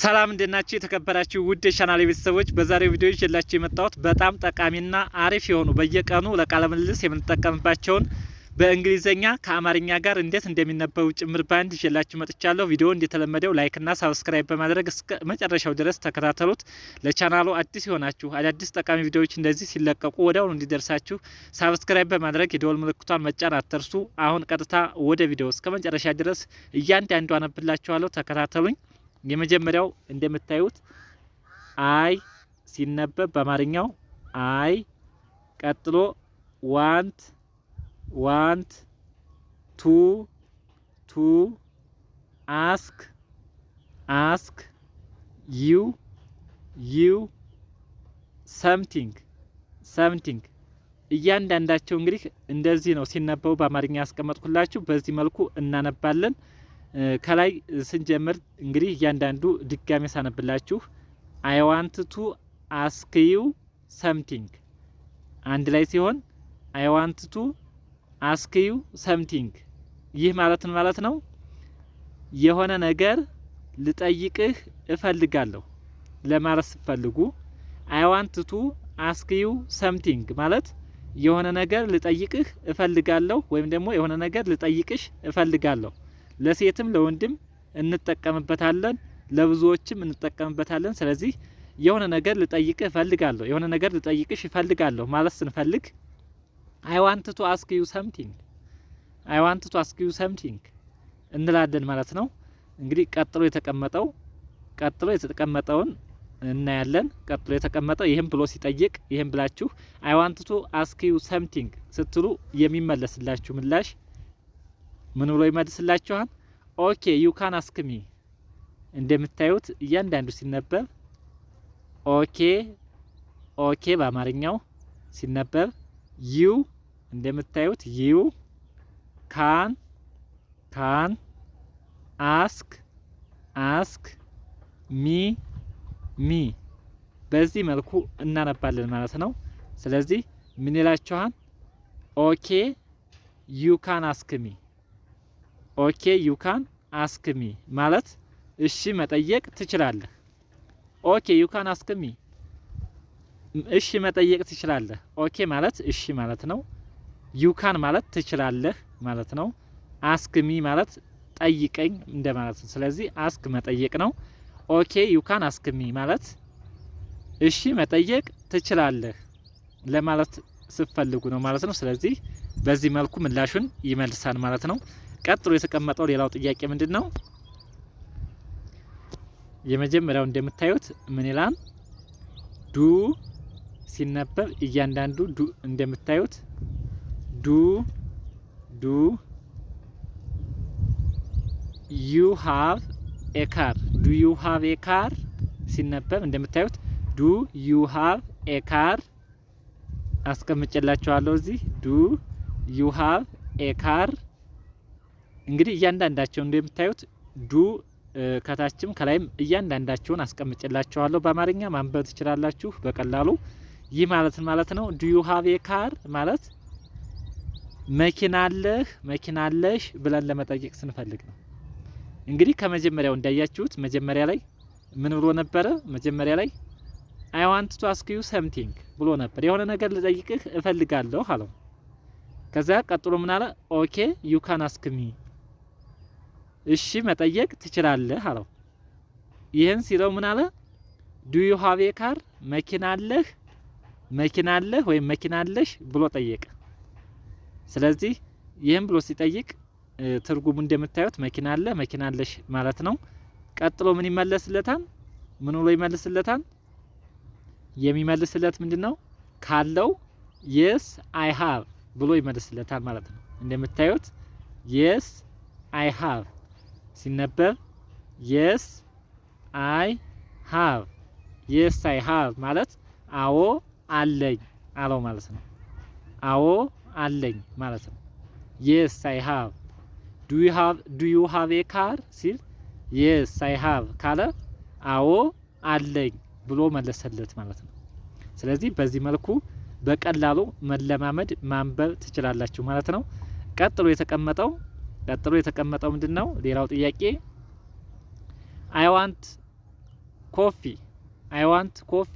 ሰላም እንደናችሁ የተከበራችሁ ውድ የቻናል ቤተሰቦች፣ በዛሬው ቪዲዮ ይዤላችሁ የመጣሁት በጣም ጠቃሚና አሪፍ የሆኑ በየቀኑ ለቃለ ምልልስ የምንጠቀምባቸውን በእንግሊዘኛ ከአማርኛ ጋር እንዴት እንደሚነበቡ ጭምር ባንድ ይዤላችሁ መጥቻለሁ። ቪዲዮ እንደተለመደው ላይክና ሳብስክራይብ በማድረግ እስከ መጨረሻው ድረስ ተከታተሉት። ለቻናሉ አዲስ የሆናችሁ አዳዲስ ጠቃሚ ቪዲዮዎች እንደዚህ ሲለቀቁ ወዲያውኑ እንዲደርሳችሁ ሳብስክራይብ በማድረግ የደወል ምልክቷን መጫን አትርሱ። አሁን ቀጥታ ወደ ቪዲዮ እስከ መጨረሻ ድረስ እያንዳንዱ አነብላችኋለሁ። ተከታተሉኝ። የመጀመሪያው እንደምታዩት አይ ሲነበብ በአማርኛው አይ፣ ቀጥሎ ዋንት ዋንት፣ ቱ ቱ፣ አስክ አስክ፣ ዩ ዩ፣ ሰምቲንግ ሰምቲንግ። እያንዳንዳቸው እንግዲህ እንደዚህ ነው ሲነበቡ በአማርኛ ያስቀመጥኩላችሁ። በዚህ መልኩ እናነባለን። ከላይ ስንጀምር እንግዲህ እያንዳንዱ ድጋሜ ሳነብላችሁ ዋንት ቱ አስክዩ ሰምቲንግ አንድ ላይ ሲሆን ዋንት ቱ አስክዩ ሰምቲንግ ይህ ማለት ማለት ነው? የሆነ ነገር ልጠይቅህ እፈልጋለሁ ለማለት ስትፈልጉ ዋንት ቱ አስክዩ ሰምቲንግ ማለት የሆነ ነገር ልጠይቅህ እፈልጋለሁ ወይም ደግሞ የሆነ ነገር ልጠይቅሽ እፈልጋለሁ ለሴትም ለወንድም እንጠቀምበታለን፣ ለብዙዎችም እንጠቀምበታለን። ስለዚህ የሆነ ነገር ልጠይቅህ እፈልጋለሁ፣ የሆነ ነገር ልጠይቅሽ እፈልጋለሁ ማለት ስንፈልግ አይ ዋንት ቱ አስክ ዩ ሰምቲንግ፣ አይ ዋንት ቱ አስክ ዩ ሰምቲንግ እንላለን ማለት ነው። እንግዲህ ቀጥሎ የተቀመጠው ቀጥሎ የተቀመጠውን እናያለን። ቀጥሎ የተቀመጠው ይህም ብሎ ሲጠይቅ ይህም ብላችሁ አይ ዋንት ቱ አስክ ዩ ሰምቲንግ ስትሉ የሚመለስላችሁ ምላሽ ምን ብሎ ይመልስላችኋል? ኦኬ ዩ ካን ሚ እንደምታዩት እያንዳንዱ ሲነበብ ኦኬ ኦኬ በአማርኛው ሲነበብ ዩ እንደምታዩት ዩ ካን ካን አስክ አስክ ሚ ሚ በዚህ መልኩ እናነባለን ማለት ነው። ስለዚህ ምን ይላችኋል? ኦኬ ዩ ካን ሚ ኦኬ ዩ ካን አስክሚ ማለት እሺ መጠየቅ ትችላለህ። ኦኬ ዩ ካን አስክሚ እሺ መጠየቅ ትችላለህ። ኦኬ ማለት እሺ ማለት ነው። ዩካን ማለት ትችላለህ ማለት ነው። አስክሚ ማለት ጠይቀኝ እንደማለት ነው። ስለዚህ አስክ መጠየቅ ነው። ኦኬ ዩካን አስክሚ ማለት እሺ መጠየቅ ትችላለህ ለማለት ስትፈልጉ ነው ማለት ነው። ስለዚህ በዚህ መልኩ ምላሹን ይመልሳል ማለት ነው። ቀጥሎ የተቀመጠው ሌላው ጥያቄ ምንድን ነው? የመጀመሪያው እንደምታዩት ምን ይላል? ዱ ሲነበብ እያንዳንዱ ዱ እንደምታዩት ዱ ዱ ዩ ሃቭ ኤ ካር ዱ ዩ ሃቭ ኤ ካር ሲነበብ እንደምታዩት ዱ ዩ ሃቭ ኤ ካር አስቀምጨላችኋለሁ። እዚህ ዱ ዩ ሃቭ ኤ ካር እንግዲህ እያንዳንዳቸው እንደምታዩት ዱ ከታችም ከላይም እያንዳንዳቸውን አስቀምጭላችኋለሁ። በአማርኛ ማንበብ ትችላላችሁ በቀላሉ። ይህ ማለትን ማለት ነው ዱ ዩ ሃቭ ካር ማለት መኪና አለህ መኪና አለሽ ብለን ለመጠየቅ ስንፈልግ ነው። እንግዲህ ከመጀመሪያው እንዳያችሁት መጀመሪያ ላይ ምን ብሎ ነበረ? መጀመሪያ ላይ አይ ዋንት ቱ አስክ ዩ ሰምቲንግ ብሎ ነበር። የሆነ ነገር ልጠይቅህ እፈልጋለሁ አለው። ከዛ ቀጥሎ ምን አለ? ኦኬ ዩ ካን አስክ ሚ እሺ መጠየቅ ትችላለህ አለው። ይህን ሲለው ምን አለ? ዱ ዩ ሃቭ ኤ ካር፣ መኪና አለህ መኪና አለህ ወይም መኪና አለሽ ብሎ ጠየቀ። ስለዚህ ይህን ብሎ ሲጠይቅ ትርጉሙ እንደምታዩት መኪና አለ መኪና አለሽ ማለት ነው። ቀጥሎ ምን ይመለስለታል? ምን ብሎ ይመልስለታል? የሚመልስለት ምንድን ነው ካለው የስ አይ ሃቭ ብሎ ይመልስለታል ማለት ነው። እንደምታዩት የስ አይ ሃቭ ሲነበብ የስ አይ ሀቭ የስ አይ ሀቭ ማለት አዎ አለኝ አለው ማለት ነው። አዎ አለኝ ማለት ነው። የስ አይ ሀቭ ዱ ዩ ሀቭ ዱ ዩ ሀቭ ኤ ካር ሲል የስ አይ ሀቭ ካለ አዎ አለኝ ብሎ መለሰለት ማለት ነው። ስለዚህ በዚህ መልኩ በቀላሉ መለማመድ ማንበብ ትችላላችሁ ማለት ነው። ቀጥሎ የተቀመጠው ቀጥሎ የተቀመጠው ምንድን ነው? ሌላው ጥያቄ አይ ዋንት ኮፊ፣ አይ ዋንት ኮፊ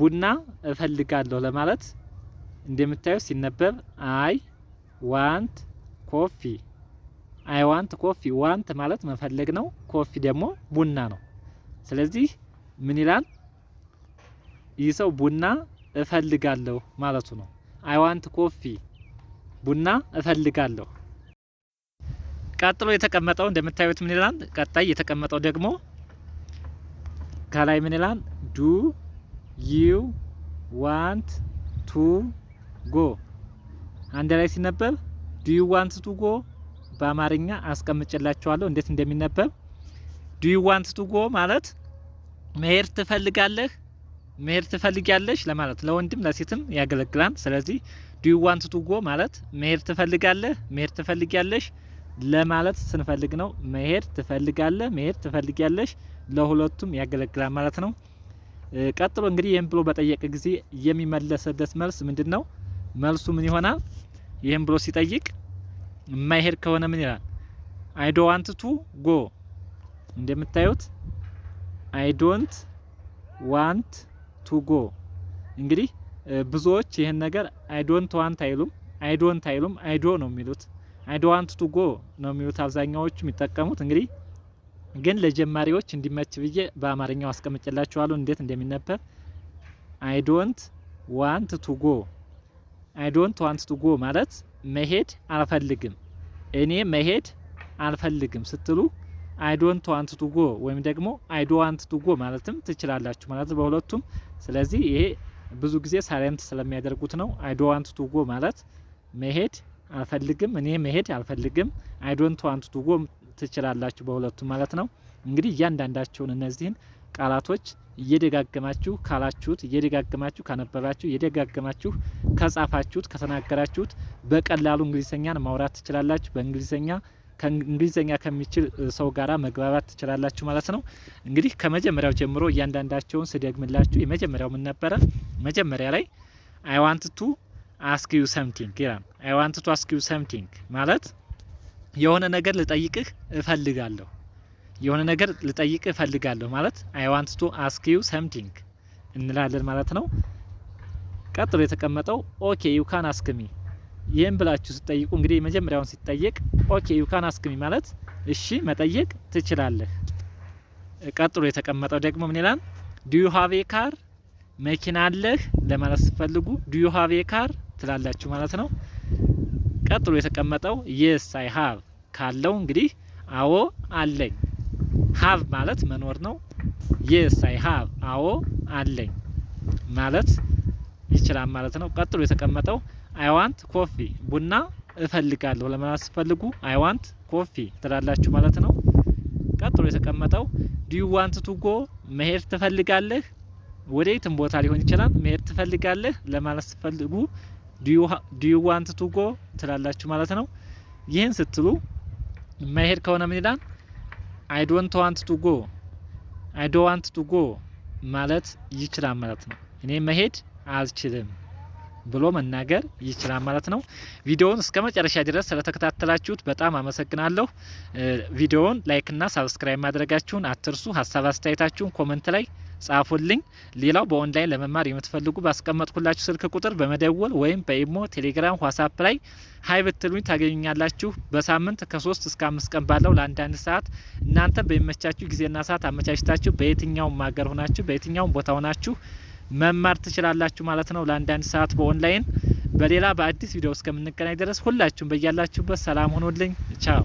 ቡና እፈልጋለሁ ለማለት እንደምታዩ ሲነበብ አይ ዋንት ኮፊ፣ አይ ዋንት ኮፊ። ዋንት ማለት መፈለግ ነው። ኮፊ ደግሞ ቡና ነው። ስለዚህ ምን ይላል ይህ ሰው ቡና እፈልጋለሁ ማለቱ ነው። አይ ዋንት ኮፊ ቡና እፈልጋለሁ ቀጥሎ የተቀመጠው እንደምታዩት ምን ይላል? ቀጣይ የተቀመጠው ደግሞ ከላይ ምን ይላል? ዱ ዩ ዋንት ቱ ጎ አንድ ላይ ሲነበብ ዱ ዩ ዋንት ቱ ጎ በአማርኛ አስቀምጭላችኋለሁ እንዴት እንደሚነበብ ዱ ዩ ዋንት ቱ ጎ ማለት መሄድ ትፈልጋለህ መሄድ ትፈልጊያለሽ ለማለት ለወንድም ለሴትም ያገለግላል። ስለዚህ ዱ ዩ ዋንት ቱ ጎ ማለት መሄድ ትፈልጋለህ መሄድ ትፈልጊያለሽ ለማለት ስንፈልግ ነው። መሄድ ትፈልጋለህ፣ መሄድ ትፈልጊያለሽ ለሁለቱም ያገለግላል ማለት ነው። ቀጥሎ እንግዲህ ይህም ብሎ በጠየቀ ጊዜ የሚመለሰለት መልስ ምንድን ነው? መልሱ ምን ይሆናል? ይህም ብሎ ሲጠይቅ የማይሄድ ከሆነ ምን ይላል? አይ ዶንት ቱ ጎ። እንደምታዩት አይ ዶንት ዋንት ቱ ጎ። እንግዲህ ብዙዎች ይህን ነገር አይ ዶንት ዋንት አይሉም፣ አይ ዶንት አይሉም፣ አይ ዶ ነው የሚሉት አይ ዶዋንት ቱ ጎ ነው የሚሉት አብዛኛዎቹ የሚጠቀሙት እንግዲህ ግን ለጀማሪዎች እንዲመች ብዬ በአማርኛው አስቀምጬላችኋለሁ እንዴት እንደሚነበብ አይ ዶንት ዋንት ቱ ጎ አይ ዶንት ዋንት ቱ ጎ ማለት መሄድ አልፈልግም እኔ መሄድ አልፈልግም ስትሉ አይ ዶንት ዋንት ቱ ጎ ወይም ደግሞ አይ ዶንት ዋንት ቱ ጎ ማለትም ትችላላችሁ ማለት በሁለቱም ስለዚህ ይሄ ብዙ ጊዜ ሳይለንት ስለሚያደርጉት ነው አይ ዶንት ዋንት ቱ ጎ ማለት መሄድ አልፈልግም፣ እኔ መሄድ አልፈልግም፣ ዶንት ዋንት ቱ ጎ ትችላላችሁ በሁለቱ ማለት ነው። እንግዲህ እያንዳንዳቸውን እነዚህን ቃላቶች እየደጋገማችሁ ካላችሁት እየደጋገማችሁ ካነበባችሁ እየደጋገማችሁ ከጻፋችሁት ከተናገራችሁት በቀላሉ እንግሊዝኛን ማውራት ትችላላችሁ። በእንግሊዝኛ ከእንግሊዝኛ ከሚችል ሰው ጋራ መግባባት ትችላላችሁ ማለት ነው። እንግዲህ ከመጀመሪያው ጀምሮ እያንዳንዳቸውን ስደግምላችሁ የመጀመሪያው ምን ነበረ? መጀመሪያ ላይ አይዋንት ቱ አስክ ዩ ሰምቲንግ ይላል። አይ ዋንት ቱ አስክ ዩ ሰምቲንግ ማለት የሆነ ነገር ልጠይቅህ እፈልጋለሁ። የሆነ ነገር ልጠይቅህ እፈልጋለሁ ማለት አይ ዋንት ቱ አስክ ዩ ሰምቲንግ እንላለን ማለት ነው። ቀጥሎ የተቀመጠው ኦኬ ዩ ካን አስክሚ ይህም ብላችሁ ስትጠይቁ እንግዲህ መጀመሪያውን ሲጠየቅ ኦኬ ዩ ካን አስክሚ ማለት እሺ መጠየቅ ትችላለህ። ቀጥሎ የተቀመጠው ደግሞ ምን ይላል? ዱዩ ሀቬ ካር መኪና አለህ ለማለት ስትፈልጉ ዱዩ ሀቬ ካር ትላላችሁ ማለት ነው። ቀጥሎ የተቀመጠው የስ አይ ሀቭ ካለው እንግዲህ አዎ አለኝ። ሀቭ ማለት መኖር ነው። የስ አይ ሀቭ አዎ አለኝ ማለት ይችላል ማለት ነው። ቀጥሎ የተቀመጠው አይ ዋንት ኮፊ ቡና እፈልጋለሁ ለማለት ስትፈልጉ አይ ዋንት ኮፊ ትላላችሁ ማለት ነው። ቀጥሎ የተቀመጠው ዲዩ ዋንት ቱ ጎ መሄድ ትፈልጋለህ ወደ የትም ቦታ ሊሆን ይችላል። መሄድ ትፈልጋለህ ለማለት ስትፈልጉ ዲዩ ዋንት ቱ ጎ ትላላችሁ ማለት ነው። ይህን ስትሉ መሄድ ከሆነ ምን ይላል? አይ ዶንት ዋንት ቱ ጎ፣ አይ ዶ ዋንት ቱ ጎ ማለት ይችላል ማለት ነው። እኔ መሄድ አልችልም ብሎ መናገር ይችላል ማለት ነው። ቪዲዮውን እስከ መጨረሻ ድረስ ስለተከታተላችሁት በጣም አመሰግናለሁ። ቪዲዮውን ላይክና ሳብስክራይብ ማድረጋችሁን አትርሱ። ሀሳብ አስተያየታችሁን ኮመንት ላይ ጻፉልኝ። ሌላው በኦንላይን ለመማር የምትፈልጉ ባስቀመጥኩላችሁ ስልክ ቁጥር በመደወል ወይም በኢሞ፣ ቴሌግራም፣ ዋትስአፕ ላይ ሀይ ብትሉኝ ታገኙኛላችሁ። በሳምንት ከሶስት እስከ አምስት ቀን ባለው ለአንዳንድ ሰዓት እናንተ በሚመቻችሁ ጊዜና ሰዓት አመቻችታችሁ በየትኛውም ሀገር ሆናችሁ በየትኛውም ቦታ ሆናችሁ መማር ትችላላችሁ ማለት ነው። ለአንዳንድ ሰዓት በኦንላይን በሌላ በአዲስ ቪዲዮ እስከምንገናኝ ድረስ ሁላችሁም በያላችሁበት ሰላም ሆኖልኝ ቻው።